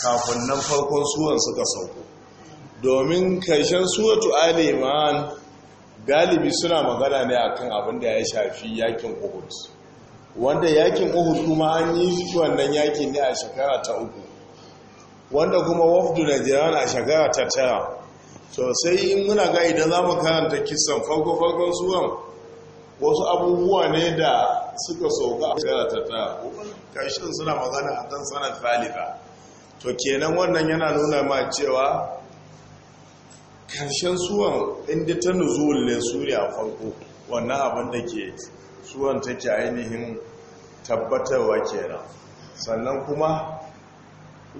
kafin nan farkon suwan suka sauko domin karshen suwatu aliman galibi suna magana ne akan abin da ya shafi yakin uhud wanda yakin uhud kuma an yi shi wannan yakin ne a shekara ta uku wanda kuma wafdu na jiran a shekara ta tara sosai in muna ga idan za mu karanta kisan farko-farkon suwan wasu abubuwa ne da suka sauka a shekara ta ta ƙarshen suna magana a kan sanar falifa to kenan wannan yana nuna ma cewa ƙarshen suwan inda ta nuzul ne su a farko wannan abin da ke suwan take ainihin tabbatarwa kenan sannan kuma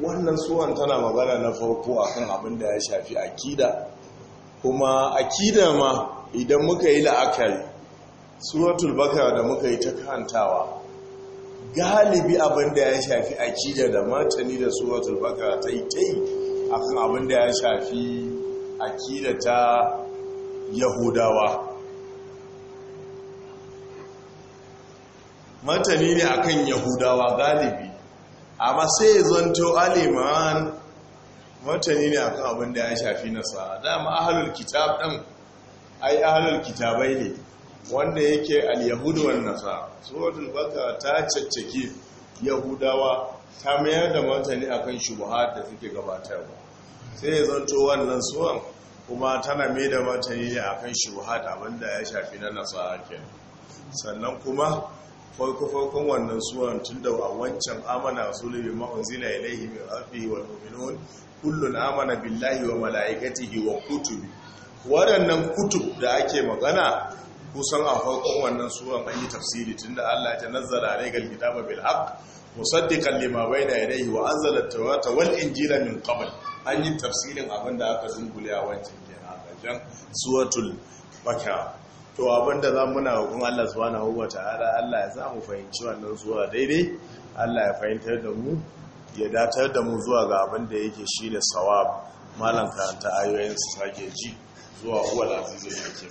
wannan suwan tana magana na farko akan abin da ya shafi akida kuma akida ma idan muka yi la'akari suratul bakara da muka yi ta kantawa galibi abin da ya shafi akida da martani da suratul bakara ta yi ta yi a abin da ya shafi akida ta yahudawa martani ne akan yahudawa galibi amma sai zonto aliman martani ne akan abin da ya shafi nasara dama ahalul kitab ɗin ai ahalul kitabai ne wanda yake al-yahudu wa nasara suratul baqara ta caccake yahudawa ta mayar da martani akan shubuhat da suke gabatarwa sai ya zanto wannan suwan kuma tana mai da martani akan shubuhat abinda ya shafi na nasara kenan sannan kuma farko-farkon wannan suwan tun da a wancan amana sulubi ma'unzila ilaihi min rabbihi wal mu'minun kullun amana billahi wa malaikatihi wa kutubi waɗannan kutub da ake magana kusan a farkon wannan suran an yi tafsiri tunda Allah ya nazzala alaykal kitaba bil haqq musaddiqan lima bayna yadayhi wa anzala at ta wal injila min qabl an yi tafsirin abinda aka zungule a wancan kenan jan suratul baka to abinda za muna hukun Allah subhanahu wataala Allah ya zamu fahimci wannan suwa daidai Allah ya fahimtar da mu ya datar da mu zuwa ga abinda yake shine sawab malam karanta ayoyin su sake ji zuwa huwal azizul hakim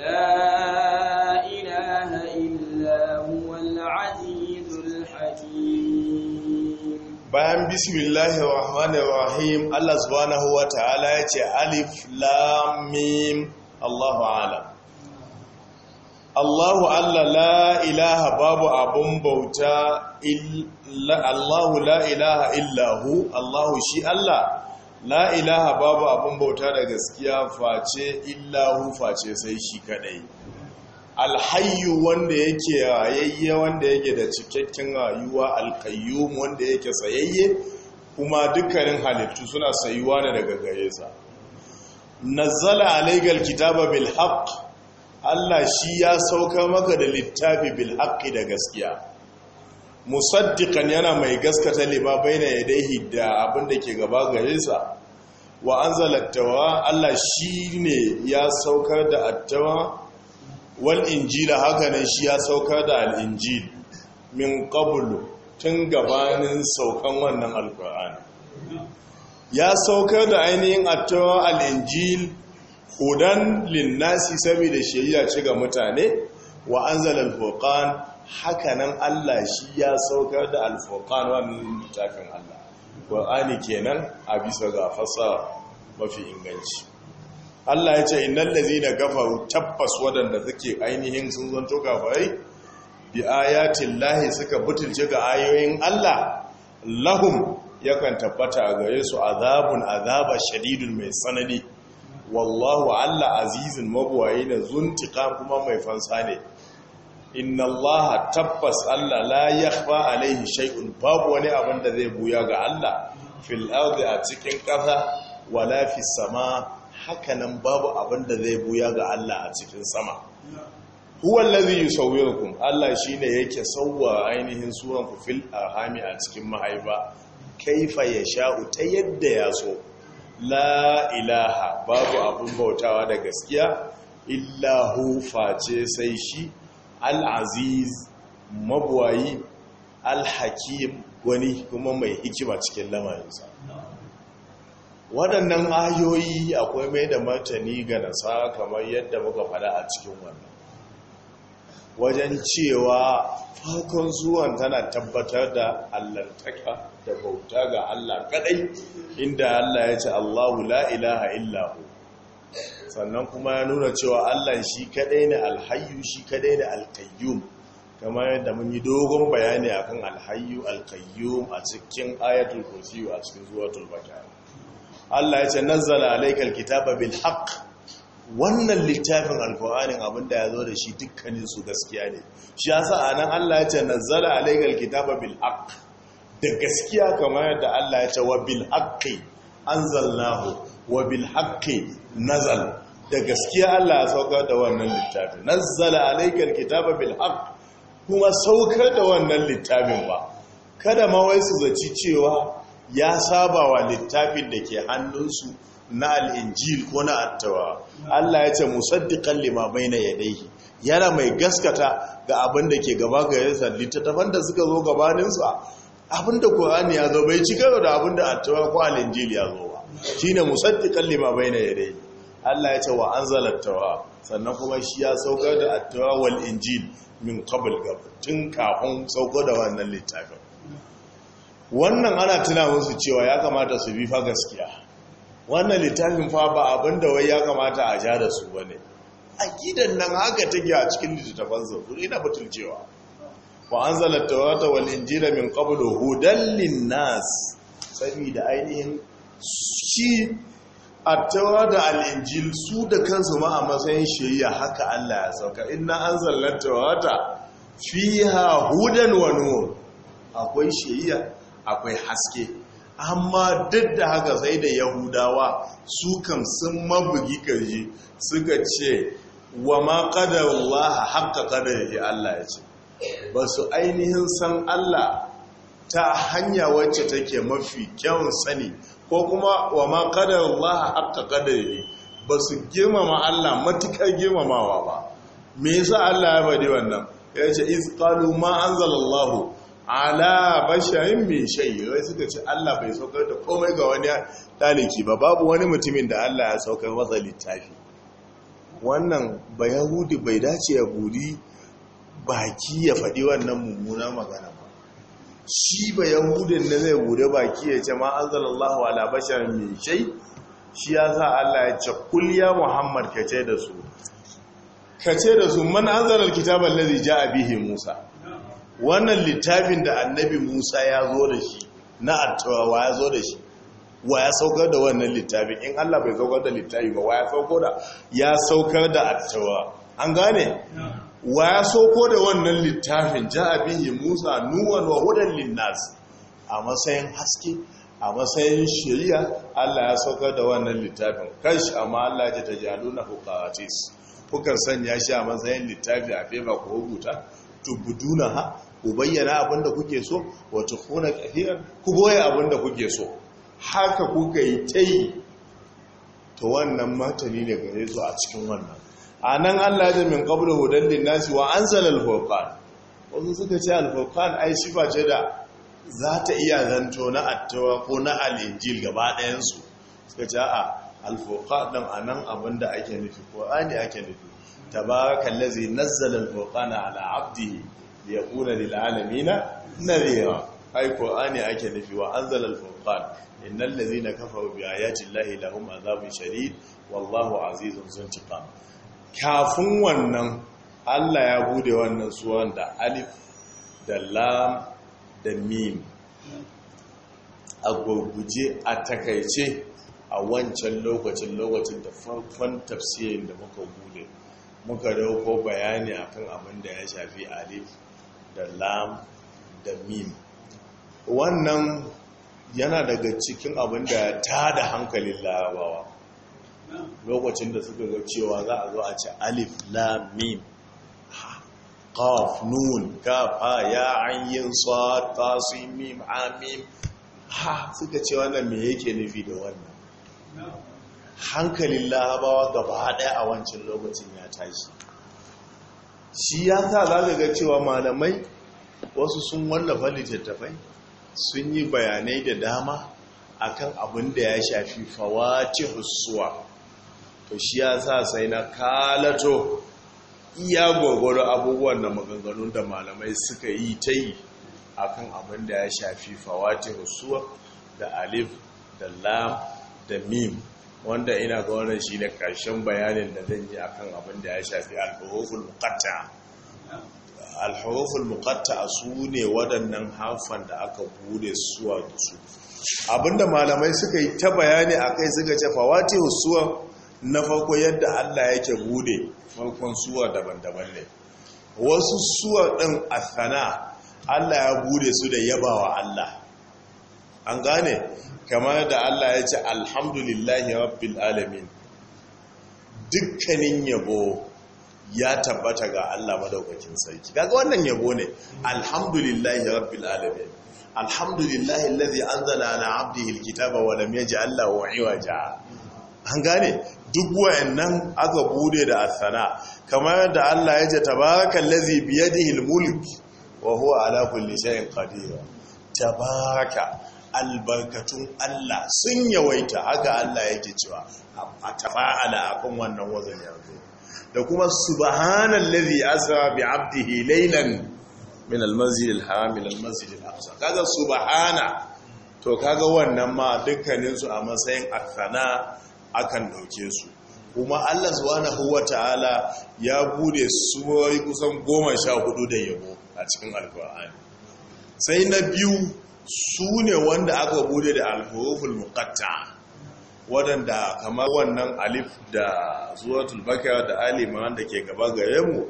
لا إله إلا هو العزيز الحكيم bayan bismillahir rahmanir rahim Allah subhanahu wa ta'ala ya ce, alif lam Allahu a'lam Allahu Allah la ilaha babu abun bauta Allahu la ilaha illahu Allahu shi Allah la ilaha babu Abun bauta da gaskiya face illahu face sai shi kadai alhayyu wanda yake rayayye wanda yake da cikakken rayuwa alqayyum wanda yake sayayye kuma dukkanin halittu suna sayuwa ne daga gare sa nazzala alaykal kitaba bil haqq Allah shi ya sauka maka da littafi bil haqqi da gaskiya musaddiqan yana mai gaskata liba baina yadayhi da abin da ke gaba gare sa wa anzala tawa Allah shine ya saukar da attawa wal injila haka ne shi ya saukar da al injil min qablu tun gabanin saukan wannan alqur'ani ya saukar da ainihin attawa al injil hudan linnasi saboda shari'a ce ga mutane wa an al alfokan hakanan Allah shi ya saukar da al-furqan wannan littafin Allah Qur'ani kenan a bisa ga fasa mafi inganci Allah ya ce innal na gafa tabbas waɗanda suke ainihin sun toka kafirai bi ayatin lahi suka butulce ga ayoyin Allah lahum yakan tabbata a gare su azabun azaba shadidun mai tsanani. wallahu Allah azizin mabuwaye na zuntika kuma mai fansa ne inna Allah tabbas Allah la alaihi shay'un babu wani abin da zai buya ga Allah fil ardi a cikin ƙasa wala fi sama hakanan babu abin da zai buya ga Allah a cikin sama huwa allazi yusawwirukum Allah shine yake sawwa ainihin suran ku fil arhami a cikin mahaifa kaifa sha'u ta yadda ya so lailaha babu abin bautawa da gaskiya illa face sai shi al'aziz mabuwayi mabwayi al wani kuma mai hikima cikin lamarinsa waɗannan ayoyi akwai mai da martani ga nasa kamar yadda muka faɗa a cikin wannan wajen cewa farkon zuwan tana tabbatar da allantaka da bauta ga Allah kadai inda Allah ya ce Allahu la ilaha illahu sannan kuma ya nuna cewa Allah shi kadai ne alhayyu shi kadai ne alqayyum kamar yadda mun yi dogon bayani akan alhayyu alqayyum a cikin ayatul kursiyu a cikin zuwa baqara Allah ya ce nazzala alaykal kitaba bil haqq wannan littafin alkur'anin abinda ya zo da shi dukkanin su gaskiya ne shi a anan Allah ya ce nazzala alaikar kitaba bil haqq da gaskiya kamar yadda Allah ya ce wa bil haqqi anzalnahu wa bil haqqi nazal da gaskiya Allah ya saukar da wannan littafin nazzala alaikar kitaba bil haqq kuma saukar da wannan littafin ba kada ma wai su zaci cewa ya saba wa littafin da ke hannunsu na al'injil ko na attawa Allah ya ce musaddiqan lima na yadai yana mai gaskata ga abin da ke gaba ga ta littattafan da suka zo gabaninsu abin da Qur'ani ya zo bai gaba da abin da attawa ko al'injil ya zo ba shi shine musaddiqan limamai na yadai Allah ya ce wa an zalattawa sannan kuma shi ya saukar da attawa wal injil min kabul gab tun kafin saukar da wannan littafin wannan ana tuna musu cewa ya kamata su bi fa gaskiya wannan littafin fa ba abin da wai ya kamata a ja da su ba ne gidan nan haka take a cikin littattafan ina batun cewa. wa an zala tawata wal injila min qablu hudan linnas saboda ainihin shi tawa da al'injil su da kansu ma a matsayin shari'a haka Allah ya sauka inna an zallar wata fiha hudan wa akwai shari'a akwai haske amma duk da haka sai da yahudawa su kan sun mabugi ƙarji suka ce wa ma ƙadarullah haƙa ƙadarji Allah ya ce ba su ainihin san Allah ta hanya wacce take mafi kyawun sani ko kuma wa ma ƙadarullah haƙa ƙadarji ba su girmama Allah matukar girmamawa ba me yasa Allah ya faɗi wannan ya ce iz qalu ma anzalallahu ala basharin mai shayi wai suka ce Allah bai saukar da komai ga wani daliki ba babu wani mutumin da Allah ya saukar wasa littafi wannan ba yahudi bai dace ya buri baki ya faɗi wannan mummuna magana ba shi ba yahudin da zai bude baki ya ce ma anzalallahu ala basharin mai shayi shi ya sa Allah ya ce kulliya muhammad kace da su kace da su man anzalal kitabar allazi jaa Abihi, musa wannan littafin da annabi musa ya zo da shi na attawa ya zo da shi wa ya saukar da wannan littafin in allah bai saukar da littafi ba wa ya sauko da ya saukar da attawa an gane wa ya sauko da wannan littafin ja yi musa nuwan wa hudan linnas a matsayin haske a matsayin shari'a allah ya saukar da wannan littafin kashi amma allah ya ta na hukatis kukan sanya shi a matsayin littafi a fefa ko rubuta tubuduna ha ku bayyana abin da kuke so wata kuna kuboya ku boye abin kuke so haka kuka yi ta yi ta wannan matani ne gare su a cikin wannan a nan allah ya min kabla hudan nasi wa an zala alfokan wasu suka ce alfokan ai ba ce da za ta iya zanto na attawa ko na alinjil gaba ɗayansu suka ce a alfokan ɗan a nan abin da ake nufi ko ani ake nufi Ta tabarakan lazi nazzalin fokana ala abdi ya kuna lil alamina nadhira ai qur'ani ake nufi wa anzala al furqan innal ladhina kafaru bi ayati llahi lahum adhabun shadid wallahu azizun zuntiqam kafin wannan Allah ya bude wannan suwan da alif da lam da mim a gurguje a takaice a wancan lokacin lokacin da farkon tafsirin da muka bude muka dauko bayani akan abin da ya shafi alif da lam da mim wannan yana daga cikin abin da ta da hankalin larabawa lokacin da suka ga cewa za a zo a ci alif lam mim qaf nun kaf ha ya ayin sad ta sin mim amim ha suka ce wannan me yake nufi da wannan hankalin larabawa gaba daya a wancan lokacin ya tashi shi ya sa za ga cewa malamai wasu sun wallafa littattafai sun yi bayanai da dama akan abin da ya shafi fawace hussuwa to shi ya sa sai na kalato iya gwagwaro abubuwan da maganganun da malamai suka yi ta yi akan abin da ya shafi fawace hussuwa da alif da lam da mim wanda ina ga wannan ne ƙarshen bayanin da zan yi akan abin da ya shafi al-huruful muqatta al-huruful muqatta ne waɗannan hafan da aka bude suwa su abinda malamai suka yi ta bayani akai suka ce fawatihu suwa na farko yadda Allah yake bude farkon suwa daban-daban ne wasu suwa din asana Allah ya bude su da yabawa Allah an gane kamar da Allah ya ce alhamdulillahi rabbil alamin dukkanin yabo ya tabbata ga Allah madaukakin sarki kaga wannan yabo ne alhamdulillahi rabbil alamin alhamdulillahi allazi anzala ala abdihi alkitaba wa lam yaj'al lahu iwaja an gane duk wayannan aka bude da asana kamar da Allah ya ce tabarakallazi biyadihi almulk wa huwa ala kulli shay'in qadir tabaraka albarkatun Allah sun yawaita haka Allah yake cewa a tafa'ala akan wannan wazan yanzu da kuma subhanallazi asra bi 'abdihi laylan min al-masjid al-haram ila al-masjid al-aqsa kaga subhana to kaga wannan ma dukkanin su a matsayin athana akan dauke su kuma Allah subhanahu wata'ala ya bude suwai kusan hudu da yabo a cikin alkur'ani sai na biyu su ne wanda aka bude da alhuruful mukatta waɗanda kamar wannan alif da suratul bakar da aliman da ke gaba gare mu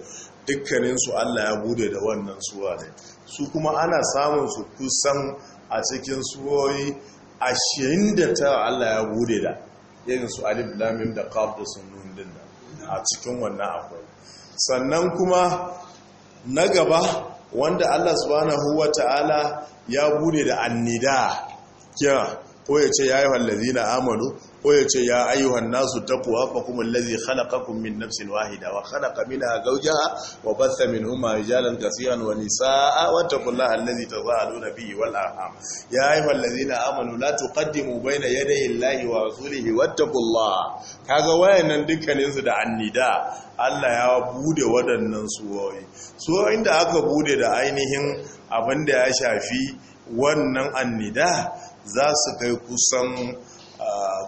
dukkaninsu Allah ya bude da wannan suwa ne su kuma ana samun su kusan a cikin suwoyi tara Allah ya bude da irin su alif lamim da kaf da sunnun a cikin wannan akwai sannan kuma na gaba wanda Allah subhanahu wa ya bude da annida kira ko ya ce ya yi na amalu ko ya ce ya ayyuhan nasu taquwa fa kuma allazi khalaqakum min nafsin wahida wa khalaqa minha zawjaha wa batha minhuma rijalan kaseeran wa nisaa wa taqullaha allazi tazaaluna bihi wal arham ya ayyuhal ladzina amanu la tuqaddimu bayna yaday allahi wa rasulihi wattaqullaha kaga wayannan dukkanin su da annida Allah ya bude waɗannan suwoyi so inda aka bude da ainihin abinda ya shafi wannan annida za su kai kusan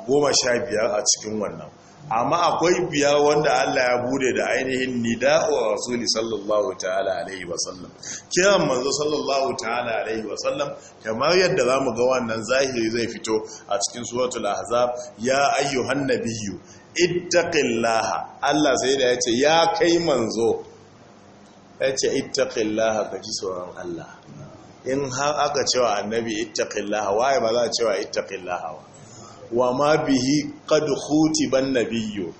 goma sha biyar a cikin wannan amma akwai biyar wanda Allah ya bude da ainihin nida'u a rasuli sallallahu ta'ala alaihi wasallam kiran manzo sallallahu ta'ala alaihi wasallam kamar yadda zamu ga wannan zahiri zai fito a cikin suratul ahzab ya ayyuhan nabiyyu ittaqillaha Allah sai da yace ya kai manzo yace ittaqillaha ka ji tsoron Allah in har aka cewa annabi ittaqillaha waye ba za a cewa ittaqillaha wa ma bihi qad ban nabiyyu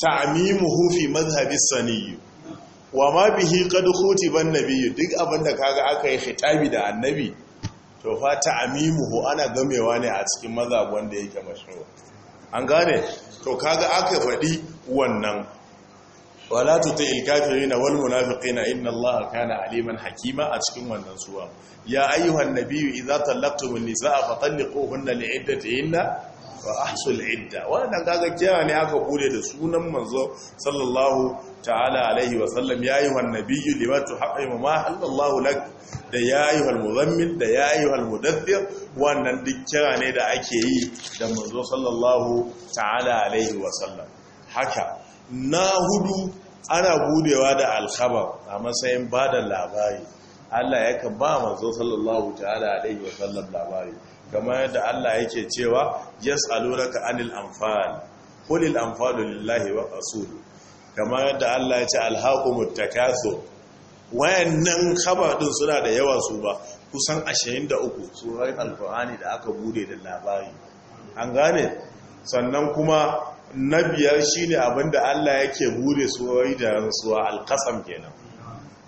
ta'mimuhu fi madhhabi saniyyu wa ma bihi qad ban nabiyyu duk abinda kaga aka yi khitabi da annabi to fa ta'mimuhu ana gamewa ne a cikin mazhab wanda yake mashhur an gane to kaga aka faɗi wannan wala tuti'il kafirina wal munafiqina inna allaha kana aliman hakima a cikin wannan suwa ya ayyuhan nabiyyu idza tallaqtumun nisaa fatalliquhunna li'iddatihinna wa ahsul idda wannan kaga kiyaye ne aka bude da sunan manzo sallallahu ta'ala alaihi wa sallam ya ayyuhan nabiyyu lima tuhaqqimu ma allahu lak da ya ayyuhal muzammil da ya ayyuhal mudaththir wannan duk kiyaye ne da ake yi da manzo sallallahu ta'ala alaihi wa sallam haka na hudu ana budewa da alkhabar a matsayin ba da labari Allah ya kan ba manzo sallallahu ta'ala alaihi wa sallam labari kamar yadda Allah yake cewa yas'alunaka anil anfal qulil anfalu lillahi wa rasul kamar yadda Allah ya ce alhaqumut wayan wayannan khabar din suna da yawa su ba kusan 23 surar alqur'ani da aka bude da labari an gane sannan kuma na biyar shi ne abinda Allah yake bude suwai da rantsuwa alqasam kenan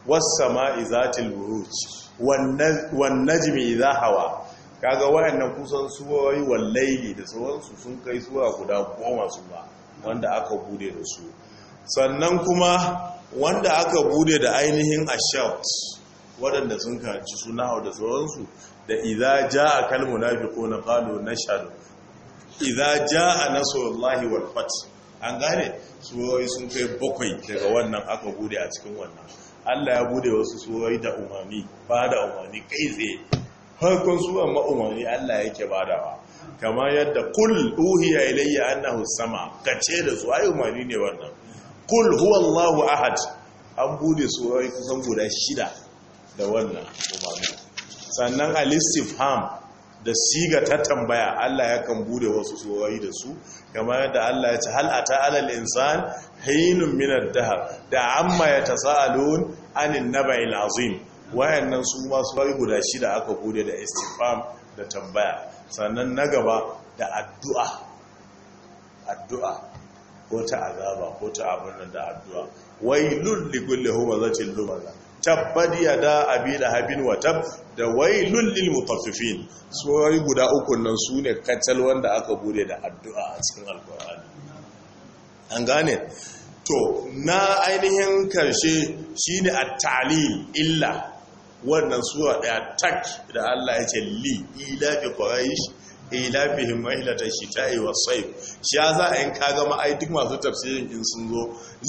wasu sama'i izatil buruj wannan jimi za hawa kaga wayannan kusan suwai wallaili da sauransu sun kai suwa guda goma su ba wanda aka bude da su sannan kuma wanda aka bude da ainihin ashaut waɗanda sun kaci suna da sauransu da iza ja a kalmuna jaa na falo na nashhadu idza jaa nasrullahi wal fath an gane suwoyi sun kai bakwai daga wannan aka bude a cikin wannan Allah ya bude wasu suwoyi da umarni, ba da umami kai tsaye farkon su amma umami Allah yake badawa kama yadda kul uhiya ilayya annahu sama kace da su umarni umami ne wannan kul huwallahu ahad an bude suwoyi kusan guda shida da wannan umami sannan al ham. da siga ta tambaya Allah ya kan bude wasu tsorayi da su kamar yadda Allah ya ce hal ata alal insan haynun min ad-dahr da amma yatasaalun anin naba'il azim wayannan su ma su bari guda shida aka bude da istifham da tambaya sannan na gaba da addu'a addu'a ko ta azaba ko ta abin da addu'a wailul likulli humazatin lumaza tabbad yada abi da wa tab da wailul lil mutaffifin suwai guda uku nan su ne kacal wanda aka bude da addu'a a cikin alkur'ani an gane to na ainihin karshe shine at-ta'lil illa wannan suwa daya tak da Allah ya ce li ila bi quraish ilafihim ta shita'i wa saif shi ya za a yin kaga ma'ai duk masu tafsirin in sun zo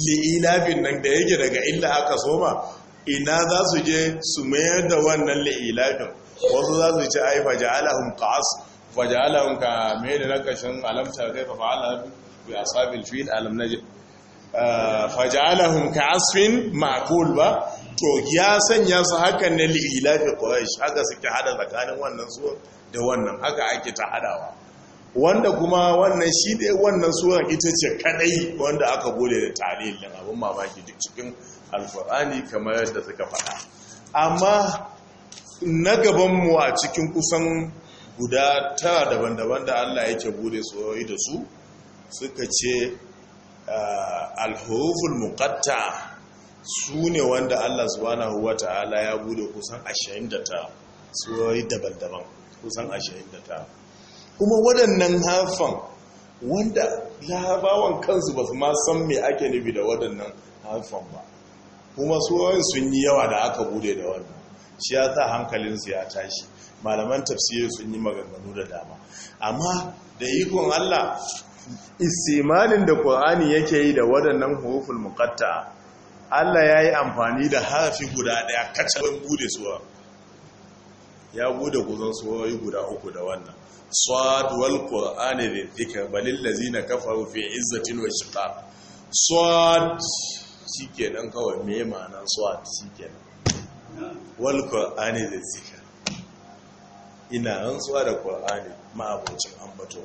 li ilafin nan da yake daga illa aka soma ina za su je su mayar da wannan la'ilafin wasu za su ce ai faja'alahum qas faja'alahum ka mai da nakashin alamtar kai fa fa'ala bi ashabil fil alam najid ah, faja'alahum ka'asfin ma'kul ba to ya sanya su hakan na li'ilafi quraish haka suke hada tsakanin wannan zuwa da wannan haka ake ta hadawa wanda kuma wannan shi ne wannan suran ita ce kadai wanda aka bude da talilin abin mamaki duk cikin alfurani kamar yadda suka faɗa amma na gabanmu a cikin kusan guda tara daban-daban da Allah yake bude tsoyoyi da su suka ce ah, alhuruful muqatta su ne wanda Allah huwa Ta'ala ya bude kusan da ta tsoyoyi daban-daban kusan da ta. kuma waɗannan hafan wanda labawan kansu ba su ma san me ake nufi da waɗannan hafan ba kuma su sun yi yawa da aka bude da wannan shi ya sa hankalinsu ya tashi malaman tafsiri sun yi maganganu da dama amma da ikon Allah isimanin da ƙwa'ani yake yi da waɗannan huruful muqatta Allah ya yi amfani da harafi guda ɗaya kacalin bude suwa ya bude guzon suwoyi guda uku da wannan sad wal qur'ani da dhikr balil ladina kafaru fi izzatin wa shiqaq sad shikenan kawai me ma'anan sad shikenan wal qur'ani da dhikr ina rantsuwa da qur'ani ma abincin ambato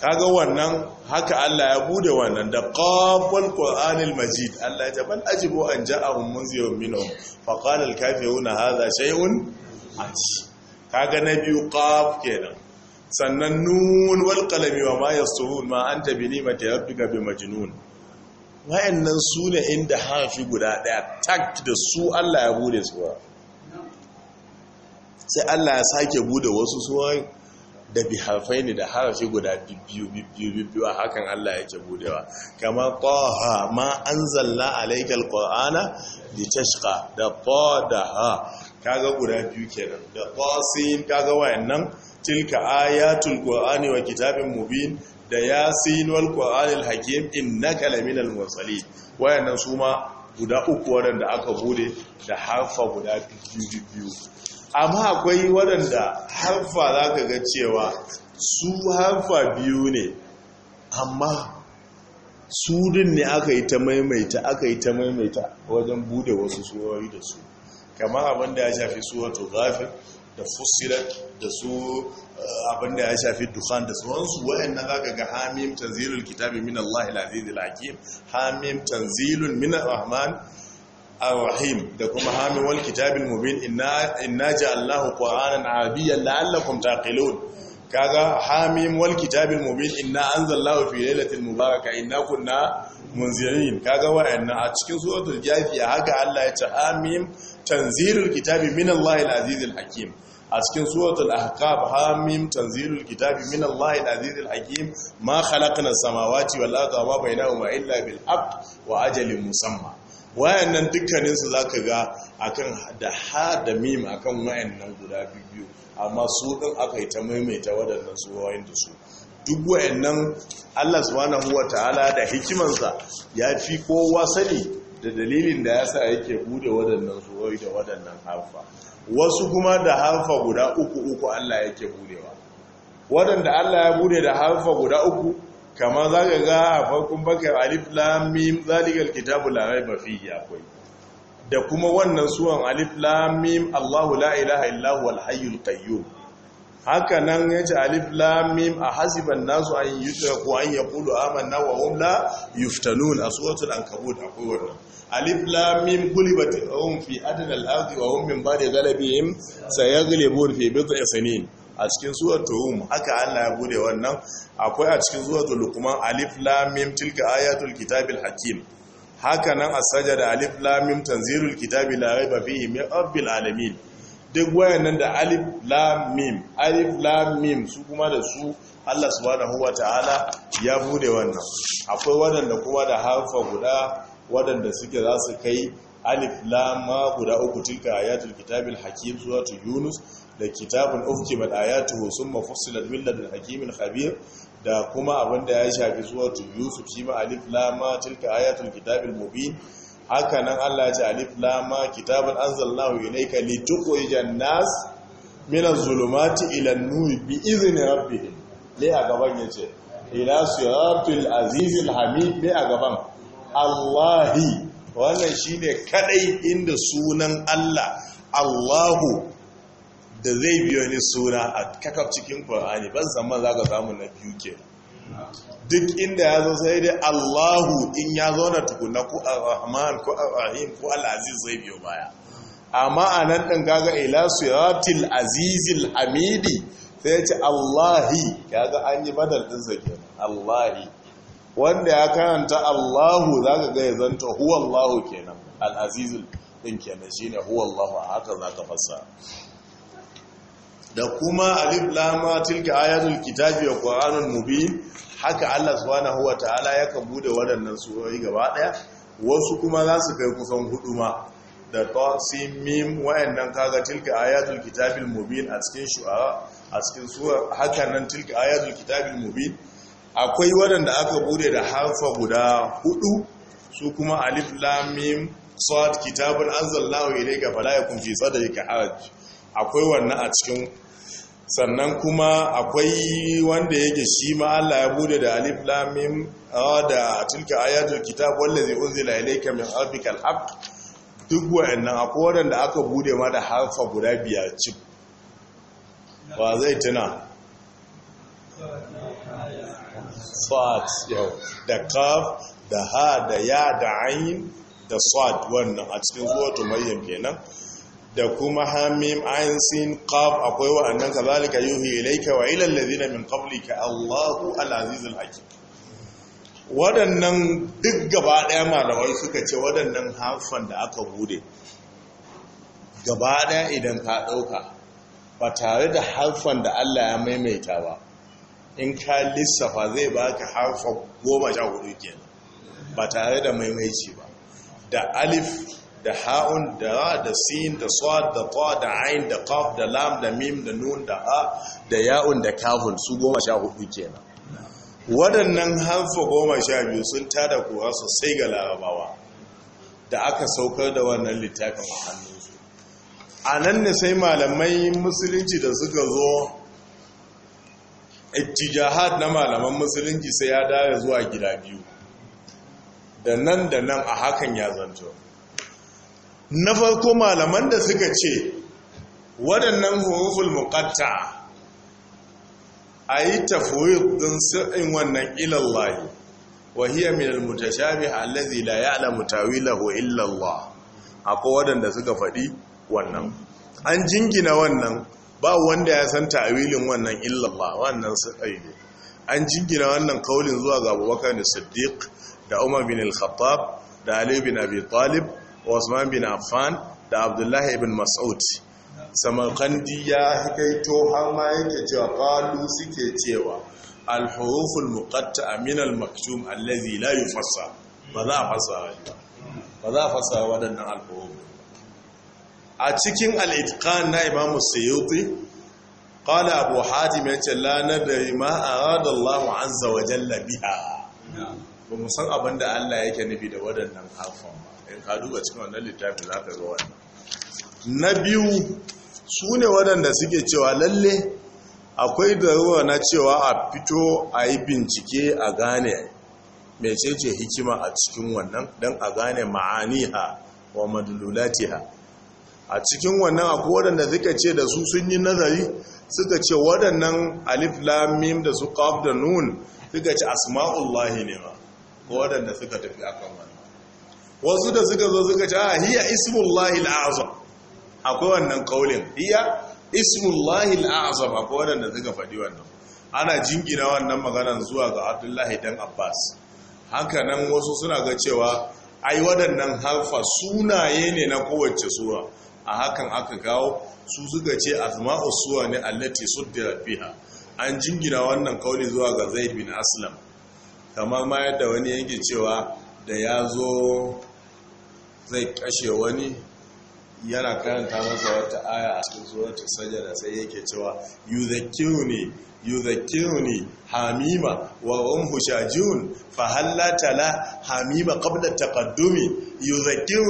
kaga wannan haka Allah ya bude wannan da qabul qur'anil majid Allah ya bal ajibu an ja'ahum munzirun minhum fa qala al kafiruna hadha shay'un aji kaga na biyu qaf kenan sannan nun wal qalami wa ma yasurun ma anta bi nimati rabbika bi majnun wayannan sune inda harfi guda daya tak da su Allah ya bude su sai Allah ya sake bude wasu suwaye da bihafai ne da harafi guda biyu biyu biyu a hakan Allah yake budewa kama ƙoha ma zalla a laikar litashqa da tashka da ha kaga guda biyu kenan da qasin kaga wayannan tilka ayatul qur'ani wa kitabin mubin da ya wal qur'anil hakim in na al-musali wayan wayannan su ma guda uku wadanda aka bude da harfa guda biyu biyu amma akwai waɗanda harfa za ka ga cewa su harfa biyu ne amma sudin ne aka yi ta maimaita aka yi ta maimaita wajen bude wasu surori da su kamar abinda ya shafi suratu gafi da fusilat da su eh, abinda ya shafi dukan da na za ka ga hamim tanzilun kitabi min Allah lafi zilaki hamim tanzilun min rahman ar-rahim da kuma hamim wal kitabil mubin inna inna ja'alnahu qur'anan arabiyyan la'allakum taqilun kaga hamim wal kitabil mubin inna anzalnahu fi lailatin mubarakah inna kunna munzirin kaga wayannan a cikin suratul a haka Allah ya ce hamim tanzilul kitabi min Allahil azizil hakim a cikin suratul ahqaf hami tanzilul kitabi min Allahil azizil hakim ma khalaqna samawati wal arda wa ma bainahuma illa bil haqq wa ajalin musamma Wayan wayannan dukkaninsu za ka ga kan da ha da mim akan wayannan guda biyu amma su ɗin aka yi ta maimaita waɗannan su wayan da su duk wayannan allah subhanahu wa ta'ala da hikimansa ya fi kowa sani da dalilin da ya sa yake bude waɗannan suwai da waɗannan harfa wasu kuma da harfa guda uku uku allah yake budewa waɗanda allah ya bude da harfa guda uku kama za ka ga a farkon baka alif lamim zalikal kitabu la raiba fihi akwai da kuma wannan suwan alif lamim Allahu la ilaha illahu al hayyul haka nan yace alif lamim a hasiban nasu an yutraku an yaqulu amanna wa hum la yuftanun a suratul ankabut akwai wannan alif lamim gulibat hum fi adnal ardi wa hum min ba'di ghalabihim sayaglibun fi bid'i sanin a cikin zuwa hum haka Allah ya bude wannan akwai a cikin suratul lukman alif lam mim tilka ayatul kitabil hakim haka nan as alif lam mim tanzilul kitabi la raiba fihi min rabbil alamin duk wayannan da alif lam mim alif lam mim su kuma da su Allah subhanahu ta'ala ya bude wannan akwai wadanda kuma da harfa guda wadanda suke za su kai alif lam ma guda uku tilka ayatul kitabil hakim suratul yunus da kitabun uhkimat ayatuhu summa mafusilar min da hakimin khabir da kuma abinda ya shafi zuwa yusuf shi ma alif Lama, tilka ayatul kitabil mubin haka nan Allah ce alif Lama lam ma ne anzalnahu ilayka litukhrijan nas min minan zulumati ilan an bi izini rabbi ne a gaban yace ila siratul azizil hamid Ne a gaban Allahi wannan shi ne kadai inda sunan Allah Allahu da zai biyo ni sura a kakaf cikin ƙwar'ani ban zama za ka samu na biyu ke duk inda ya zo sai dai allahu in ya zo na tukuna ko al-rahman ko al-rahim ku al zai biyo baya amma a nan ɗin gaga ila suratul azizil Amidi, sai ce allahi kaga an yi badal ɗinsa zage allahi wanda ya karanta allahu za ka ga ya zanta huwa allahu kenan al-azizil ɗin kenan shine huwa allahu a haka za ka fasa da kuma alif lama tilka ayatul kitabi wa qur'anul mubin haka Allah subhanahu wataala yakan bude waɗannan surori gaba daya wasu kuma za su kai kusan hudu ma da ta sin mim wayannan kaga tilka ayatul kitabil mubin a cikin shu'ara a cikin surar haka nan tilka ayatul kitabil mubin akwai waɗanda aka bude da harfa guda hudu su kuma alif lam mim sad kitabun anzalallahu ilayka fala yakun fi sadrika haraj akwai wannan a cikin sannan kuma akwai wanda yake shi ma Allah ya bude da alif lam mim da tilka ayatul kitab wallazi unzila ilayka min rabbika alhaq duk wayannan akwai wanda aka bude ma da harfa guda biyar ci ba zai tuna sad yau da kaf da ha da ya da ain da sad wannan a cikin zuwa maryam kenan da kuma hamim ayin sin qaf akwai wa'annan kazalika yuhi ilayka wa ila alladhina min qablika Allahu al-azizul hakim waɗannan duk gaba daya malamai suka ce waɗannan harfan da aka bude gaba daya idan ka ɗauka ba tare da harfan da Allah ya maimaita ba in ka lissafa zai baka harfa goma sha hudu kenan ba tare da maimaici ba da alif da ha'un da ra da sin da swad da ta da ain da qaf da lam da mim da nun da ha da ya'un da kafun su goma sha hudu kenan waɗannan hanfa goma sha biyu sun tada kura sosai ga larabawa da aka saukar da wannan littafin a hannunsu a nan ne sai malamai musulunci da suka zo ittijahad na malaman musulunci sai ya dare zuwa gida biyu da nan da nan a hakan ya zanto na farko malaman da suka ce waɗannan huruful muqatta a yi tafwid ɗin sirrin wannan ilallahi wa minal mutashabi almutashabih allazi la ya'lamu tawilahu illa Allah akwai waɗanda suka faɗi wannan an jingina wannan ba wanda ya san ta'awilin wannan illallah wannan sirri ne an jingina wannan kaulin zuwa ga Abubakar Siddiq da Umar bin Al-Khattab da Ali bin Abi Talib Osman bin Affan da Abdullahi ibn Mas'ud Samarkandi ya hikaito har ma yake cewa qalu suke cewa al-huruful Aminal maktum allazi la yufassa ba za a fassara ba ba za a fassara waɗannan al-huruf a cikin al-itqan na Imam Suyuti قال أبو حاتم لا ندري ما أراد الله عز وجل بها ومسان أبن الله يكي نبي دا ودن نمحفظ in ka duba cikin wannan littafi za ka ga wannan na biyu su ne waɗanda suke cewa lalle akwai daruwa na cewa a fito a yi bincike a gane mecece hikima a cikin wannan don a gane ma'ani ha, wa ha. a cikin wannan akwai waɗanda suka ce da su sun yi nazari suka ce waɗannan alif lamim da su ƙaf da nun suka ce asma'ullahi ne ma ko waɗanda suka tafi akan wannan wasu da suka zo suka ce ah hiya ismullahi al'azam akwai wannan kaulin hiya ismullahi al'azam akwai wadanda suka faɗi wannan ana jingina wannan maganan zuwa ga abdullahi dan abbas haka nan wasu suna ga cewa ai wadannan harfa sunaye ne na kowace sura a hakan aka kawo su suka ce asma'u suwa ne allati suddira fiha an jingina wannan kauli zuwa ga zaid bin aslam kamar ma yadda wani yake cewa da ya zo zai kashe wani yana karanta masa wata aya a cikin suratul da sai yake cewa yuzakkiruni ne, hamima wa umhu shajun fa hallata la hamima qabla taqaddumi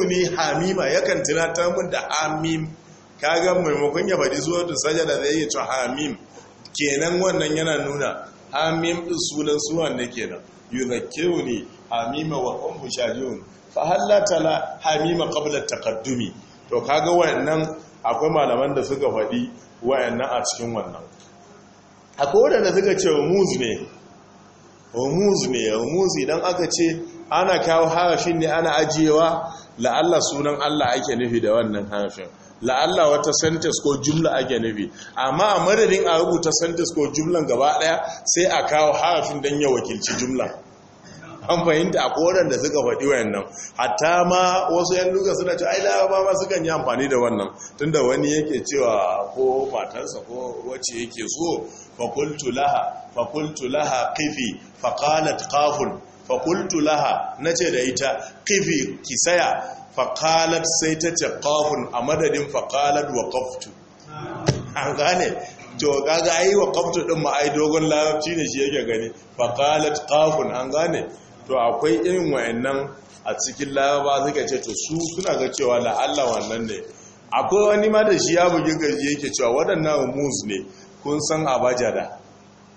ne, hamima yakan ta mun da hamim kaga maimakon ya faɗi suratul da zai yi cewa hamim kenan wannan yana nuna hamim din sunan suwan ne kenan ne, hamima wa umhu shajun fa hallata la hamima qabla taqaddumi to kaga wayannan akwai malaman da suka faɗi wayannan a cikin wannan akwai wadanda suka ce rumuzi ne rumuzi ne rumuzi idan aka ce ana kawo harafin ne ana ajiyewa la'alla sunan Allah ake nufi da wannan harafin la'alla wata sentence ko jumla ake nufi amma a madadin a rubuta sentence ko jumlan gaba daya sai a kawo harafin don ya wakilci jumla an fahimta a koren da suka faɗi wayannan hatta ma wasu yan luka suna ce ai ba ma sukan yi amfani da wannan tunda wani yake cewa ko matarsa ko wacce yake so fakultu laha fakultu laha qifi faqalat qafun fakultu laha nace da ita qifi kisaya faqalat sai ta ce qafun a madadin faqalat wa qaftu an gane to kaga ai wa din ma ai dogon larabci ne shi yake gani faqalat qafun an gane to akwai irin wa'annan a cikin laraba suka ce to su suna ga cewa da wannan ne akwai wani ma da shi ya bugi gaji yake cewa waɗannan rumus ne kun san abajada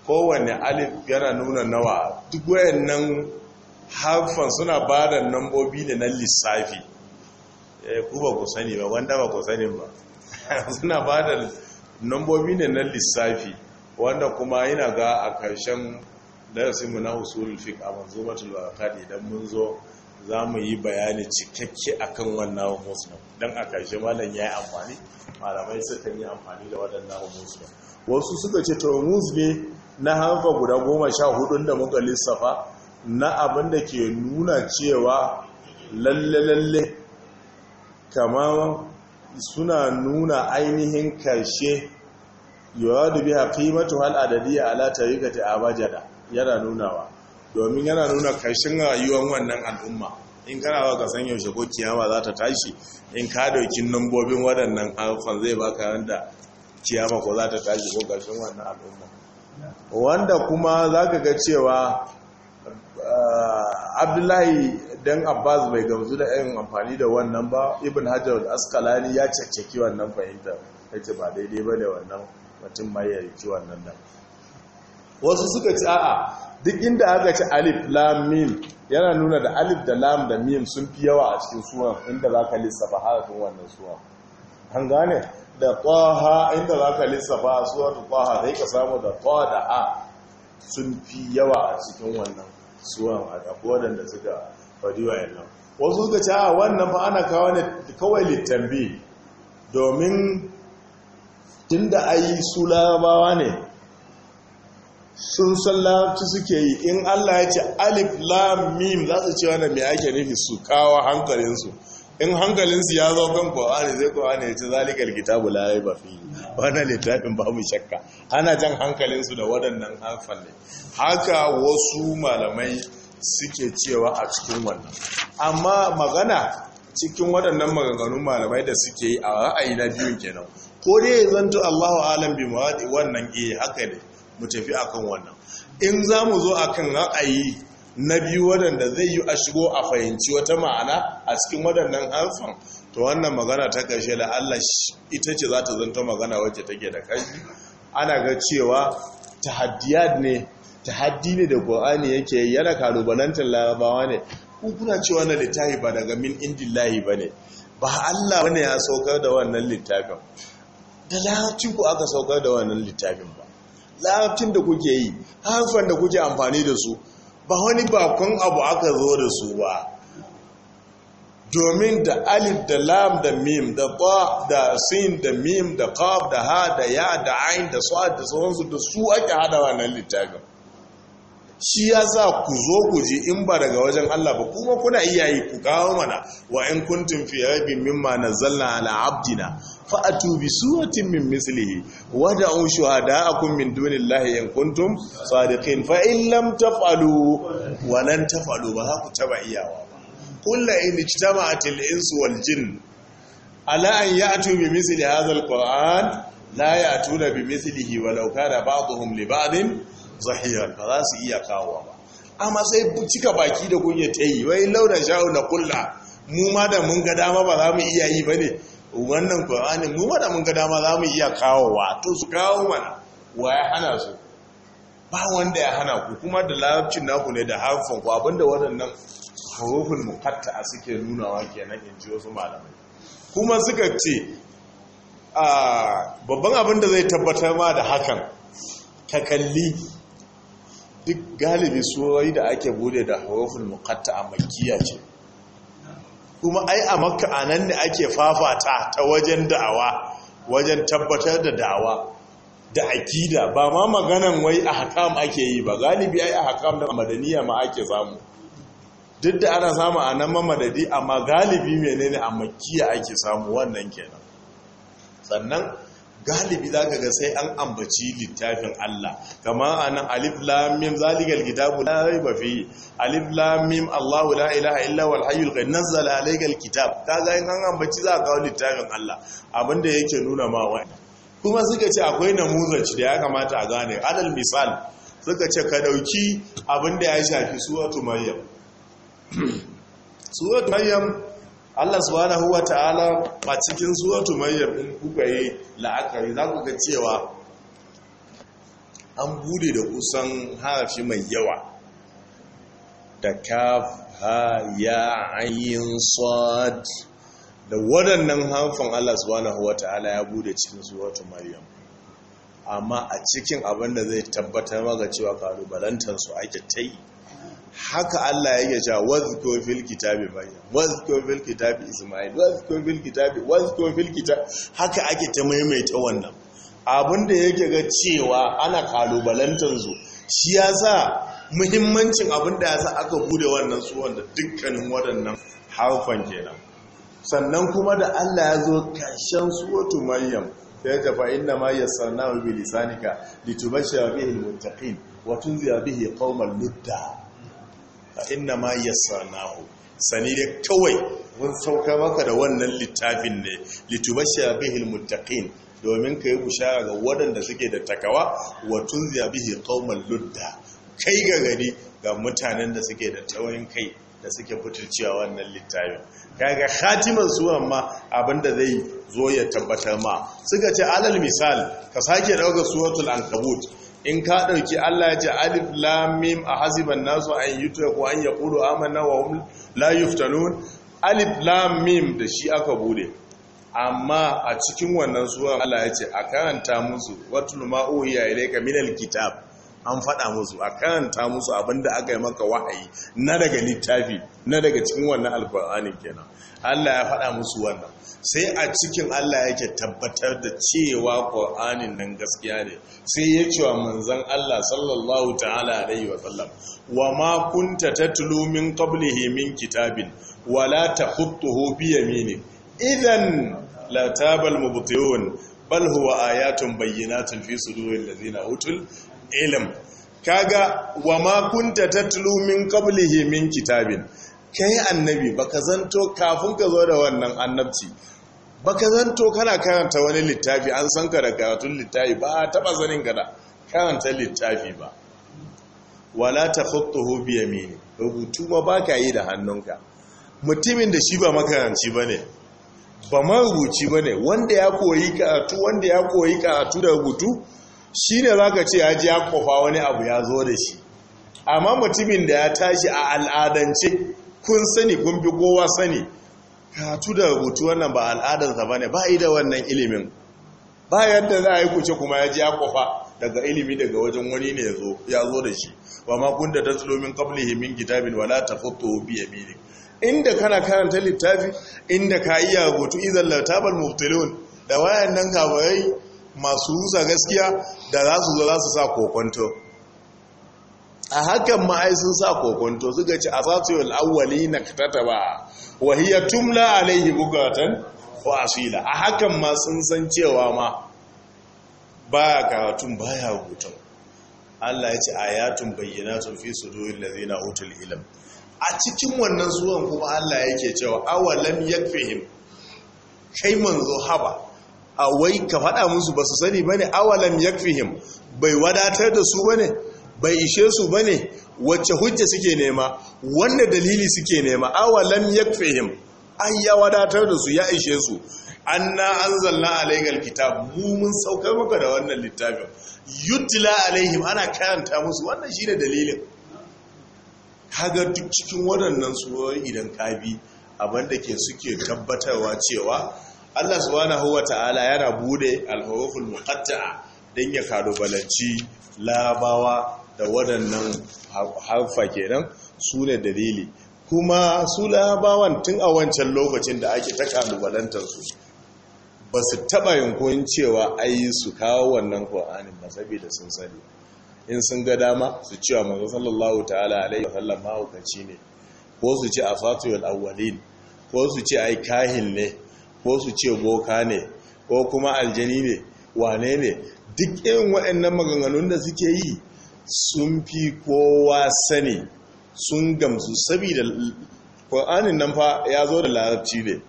kowane alif yana nuna nawa duk wayannan harfan suna ba da nambobi ne na lissafi eh, ku ba ku sani ba wanda ba ku sani ba suna ba da nambobi ne na lissafi wanda kuma yana ga a ƙarshen mu na usulul fiqh a manzumatul warqat idan mun zo za mu yi bayani cikakke akan wannan musnad dan a karshe malam yayi amfani malamai suka yi amfani da waɗannan musnad wasu suka ce to musne na hafa guda 14 da muka lissafa na abin da ke nuna cewa lalle lalle kama suna nuna ainihin karshe yawadu biya qimatu hal adadiyya ala tariqati abajada yana nunawa domin yana nuna karshen rayuwar wannan al'umma in kana ba ka san yaushe ko kiyama za ta tashi in ka dauki numbobin waɗannan alfan zai baka yanda kiyama ko za ta tashi ko karshen wannan al'umma wanda kuma za ka ga cewa ah, abdullahi dan abbas bai gamsu da yin amfani da wannan ba ibn hajar askalani ya caccaki wannan fahimta ya ce ba daidai ba ne wannan mutum mai yanki wannan nan wasu suka ci a'a duk inda aka ci alif lam mim yana nuna da alif da lam da mim sun fi yawa a cikin suwan inda za ka lissafa harafin wannan suwan an gane da kwaha, inda za ka lissafa a suwan kwaha, zai ka samu da ƙwa da a sun fi yawa a cikin wannan suwan a ɗakodan da suka faɗi wa yannan wasu suka ci a'a. wannan ba ana kawo ne kawai littambi domin tun da a yi su larabawa ne sun san suke yi in allah ya ce alif lam mim za su ce wannan mai ake nufi su kawo hankalinsu in hankalinsu ya zo kan ƙwa'ani zai ƙwa'ani ya ci zalikal kitabu la ba fi wannan littafin mu shakka ana jan hankalinsu da waɗannan hankalin haka wasu malamai suke cewa a cikin wannan amma magana cikin waɗannan maganganun malamai da suke yi a ra'ayi na biyun kenan ko dai zanto allahu alam bi mawadi wannan eh haka ne mu tafi akan wannan in za mu zo akan ra'ayi na biyu waɗanda zai yi a shigo a fahimci wata ma'ana a cikin waɗannan alfan, to wannan magana ta kashe da Allah ita ce za ta zanta magana wacce take da kashi. ana ga cewa tahaddiyat ne tahaddi ne da Qur'ani yake yana kalubalantar larabawa ne kuna cewa na littafi ba daga min indillahi ne. ba Allah wani ya saukar da wannan littafin da aka saukar da wannan littafin ba larabcin da kuke yi harfan da kuke amfani da su ba wani bakon abu aka zo da su ba domin da alif da lam da mim da ba da sin da mim da qaf da ha da ya da ain da su da sauransu da su ake hada wannan littafin shi ya sa ku zo ku ji in ba daga wajen Allah ba kuma kuna iya ku kawo mana wa in kuntum fi raibin mimma nazzalna ala abdina fa'atu bi suratin min mislihi shuhada a kun min dunillahi in kuntum sadiqin fa in ta falo wa ta falo ba za taba iyawa ba kullu in a insu wal jin ala an atu bi misli hazal alquran la ya'tuna bi mislihi walau kana ba'dhum li ba'din zahiran ba za su iya kawo ba amma sai cika baki da kunye ta yi wai launa sha'u na kulla mu ma da mun ga dama ba za mu iya yi ba ne wannan ƙur'anin mu mada mun ga dama za mu iya kawowa to su kawo mana wa ya hana su ba wanda ya hana ku kuma da larabcin naku ne da harfin ku abinda waɗannan harufin mukatta suke nunawa kenan in ji wasu malamai kuma suka ce babban abin da zai tabbatar ma da hakan ta kalli duk galibi suwai da ake bude da harufin mukatta a makiya ce kuma ai a makka a nan ne ake fafata ta wajen da'awa wajen tabbatar da da'awa da akida ba ma maganan wai a hakam ake yi ba galibi ai a hakam da madaniya ma ake samu duk da ana samu a nan mamadadi amma galibi menene a makiya ake samu wannan kenan sannan galibi za ka ga sai an ambaci littafin Allah kama anan nan alif lamim zaligal kitabu la raiba fi alif lamim Allahu la ilaha illa wal hayyul qayyum nazzala alaykal kitab in an ambaci za ka ga littafin Allah abinda yake nuna ma kuma suka ce akwai namuzanci da ya kamata a gane alal misal suka ce ka dauki abinda ya shafi suwatu maryam suwatu maryam Allah subhanahu wa ta'ala a cikin suratu maryam in kuka yi la'akari za ku ga cewa an bude da kusan harafi mai yawa da kaf ha ya ayin sad da waɗannan harfin Allah subhanahu wa ta'ala ya bude cikin suratu maryam amma a cikin abin da zai tabbatar maka cewa kalubalantar su ake ta yi haka Allah yake cewa wasu fil kitabi bayan wasu fil kitabi isma'il wasu fil kitabi wasu fil kitabi haka ake ta maimaita wannan abinda da yake ga cewa ana kalubalantar su shi yasa muhimmancin abinda da yasa aka bude wannan su wanda dukkanin waɗannan harfan kenan sannan kuma da Allah ya zo ƙarshen suratu maryam ta tafa inna ma yassarnahu bi lisanika litubashshira bihi almuttaqin wa tunzira bihi qauman ludda a inna ma yasanahu sani da kawai mun sauka maka da wannan littafin ne ya bihil muttaqin domin ka yi bushara ga waɗanda suke da takawa wa tunziya bihi qauman ludda kai ga gari ga mutanen da suke da tawayin kai da suke fitirciya wannan littafin kaga khatiman su amma abinda zai zo ya tabbatar ma suka ce alal misal ka sake dauka suratul ankabut in ka ɗauki Allah ya ce alif lamim a hasiban nasu an yi tuya ko an ya ƙuru amanna wa hum la yuftanun alif lamim da shi aka bude amma a cikin wannan suwa Allah ya ce a karanta musu watul ma'u ya ilaika minal kitab an faɗa musu a karanta musu abinda aka yi maka wahayi na daga littafi na daga cikin wannan alkur'anin kenan Allah ya faɗa musu wannan sai a cikin Allah yake tabbatar da cewa ƙwa'anin nan gaskiya ne sai ya cewa manzan Allah sallallahu ta'ala alaihi wa sallam wa ma kunta tatlu min kabli min kitabin wala hobi ya mini idan la tabal mubtilun bal huwa ayatun tun fi suduril ladina utul ilm kaga wa ma kunta tatlu min qablihi min kitabin kai annabi baka zanto kafin ka zo da wannan annabci baka zanto kana karanta wani littafi an san ka da karatun littafi ba taba sanin ka da karanta littafi ba wala takhutuhu bi yamini rubutu ma baka yi da hannunka mutumin da shi ba makaranci bane ba rubuci bane wanda ya koyi karatu wanda ya koyi karatu da rubutu shi ne za ka ce ya ji ya kofa wani abu ya zo da shi amma mutumin da ya tashi a al'adance kun sani kun fi kowa sani katu da rubutu wannan ba al'adarsa ba ne ba yi da wannan ilimin ba yadda za a yi kuce kuma ya ji ya kofa daga ilimi daga wajen wani ne ya zo da shi wa kun da ta tsilomin kablihi kitabin wala ta fito biya biyu inda kana karanta littafi inda ka iya rubutu izan lartabar mubtilun da wayan nan gabayai masu rusa gaskiya da za su zo za su sa kokonto a hakan ma'ai sun sa kokonto suka ce a satiyar awwali na katata ba wahiyar tumla alaihi bukatan wa a hakan ma sun san cewa ma ba ya karatun ya hutun Allah ya ce a yatun bayyana sun fi su sudurin na hutun ilim a cikin wannan zuwan kuma Allah yake cewa awalam yakfihim kai manzo haba a wai ka faɗa musu ba su sani ba ne awalam yakfihim bai wadatar da su ba ne bai ishe su ba ne wacce hujja suke nema wanda dalili suke nema awalam yakfihim ai ya wadatar da su ya ishe su anna anzalna alaykal kitab mu mun saukar maka da wannan littafin yutla alaihim ana karanta musu wannan shine dalilin Haga duk cikin waɗannan su idan kabi abinda ke suke tabbatarwa cewa Allah subhanahu wa ta'ala yana bude alhawaful muqatta'a don ya kalubalanci labawa da waɗannan harfa nan su ne dalili kuma su labawan tun a wancan lokacin da ake ta kalubalantarsu ba su taɓa yunkurin cewa ayi su kawo wannan ƙwa'anin ba saboda sun sani in sun ga dama su cewa manzo sallallahu ta'ala alaihi wa sallam mahaukaci ne ko su ce a fatiyar awwalin ko su ce ai kahin ne ko su ce boka ne ko kuma aljani ne wane ne duk irin waɗannan maganganun da suke yi sun fi kowa sani sun gamsu saboda ƙwa'anin nan fa ya zo da larabci ne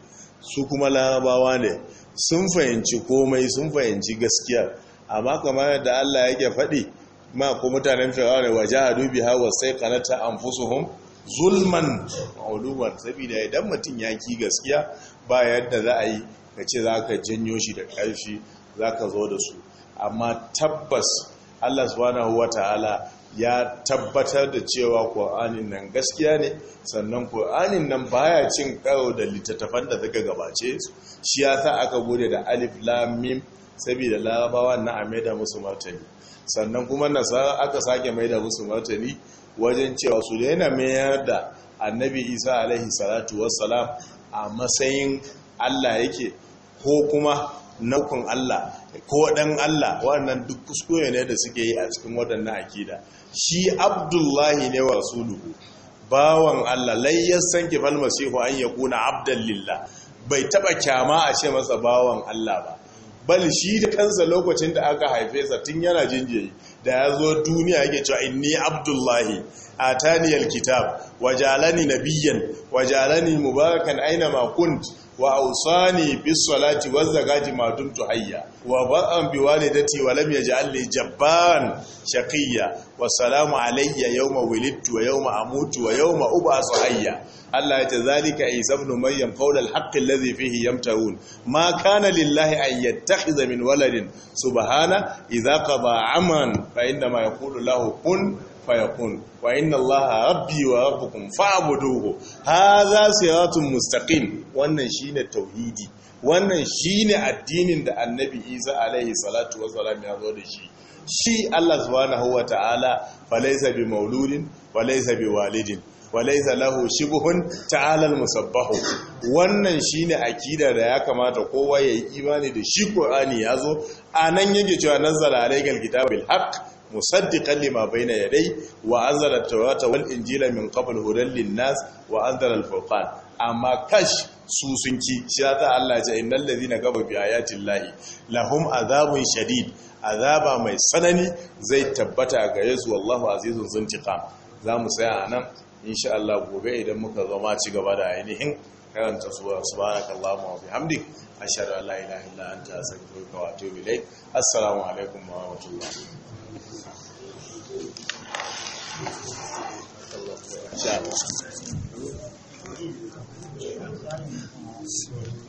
su kuma larabawa ne sun fahimci komai sun fahimci gaskiya amma kamar da Allah yake faɗi ma ko mutanen waje wajahadu dubi wa sai an anfusuhum zulman uluwan saboda idan mutum ya ki gaskiya ba yadda za a yi ka ce za ka janyo shi da ƙarfi za ka zo da su amma tabbas allah subhanahu wa ta'ala ya tabbatar da cewa ƙwa'anin nan gaskiya ne sannan ƙwa'anin nan baya cin karo da littattafan da suka gabace su shi ya sa aka gode da alif lamim saboda larabawa na a musu martani sannan kuma nasara aka sake maida musu martani wajen cewa su daina mayar da annabi isa alaihi salatu wassalam a matsayin allah yake ko kuma naukun allah ko ɗan allah Wannan duk kuskure ne da suke yi a cikin waɗannan akida shi abdullahi ne wa rasuluhu bawan allah layyar san kifal masihu an ya kuna abdallillah bai taɓa kyama a ce masa bawan allah ba bal shi da kansa lokacin da aka haife sa tun yana jinjiri da ya zo duniya yake cewa inni abdullahi ataniyal kitab wajalani nabiyyan wajalani mubarakan aina ma kunt wa ausani bis salati waz zakati ma dumtu hayya wa ba'an bi walidati wa lam yaj'al li jabban shaqiyya wa salamu alayya yawma wulidtu wa yawma amutu wa yawma ub'asu hayya Allah ya ce zalika Isa ibn Maryam qaulal haqqi alladhi fihi yamtahun ma kana lillahi an yattakhidha min waladin subhana idza qada aman fa inna ma yaqulu lahu kun fayakun wa inna allaha rabbi wa rabbukum fa'buduhu hadha siratun mustaqim wannan shine tauhidi wannan shine addinin da annabi Isa alaihi salatu wassalam ya zo da shi shi Allah subhanahu ta'ala, falaysa bi mauludin walaysa bi walidin walaysa lahu shibhun ta'ala al-musabbahu wannan shine akida da ya kamata kowa ya yi imani da shi Qur'ani ya zo anan yake cewa nazzala alaykal kitabu bil haqq musaddiqan lima bayna yaday wa anzala at-taurata wal injila min qabl hudan lin-nas wa anzala al-furqan amma kash su sun ki ta Allah ya innal ladina gaba bi ayati llahi lahum azabun shadid azaba mai sanani zai tabbata ga yesu wallahu azizun zuntiqam zamu tsaya anan insha Allah gobe idan muka zo ma ci gaba da ainihin karanta subhanakallahumma wa bihamdik ashhadu an la ilaha illa anta astaghfiruka wa atubu ilaik assalamu alaikum wa rahmatullahi Insya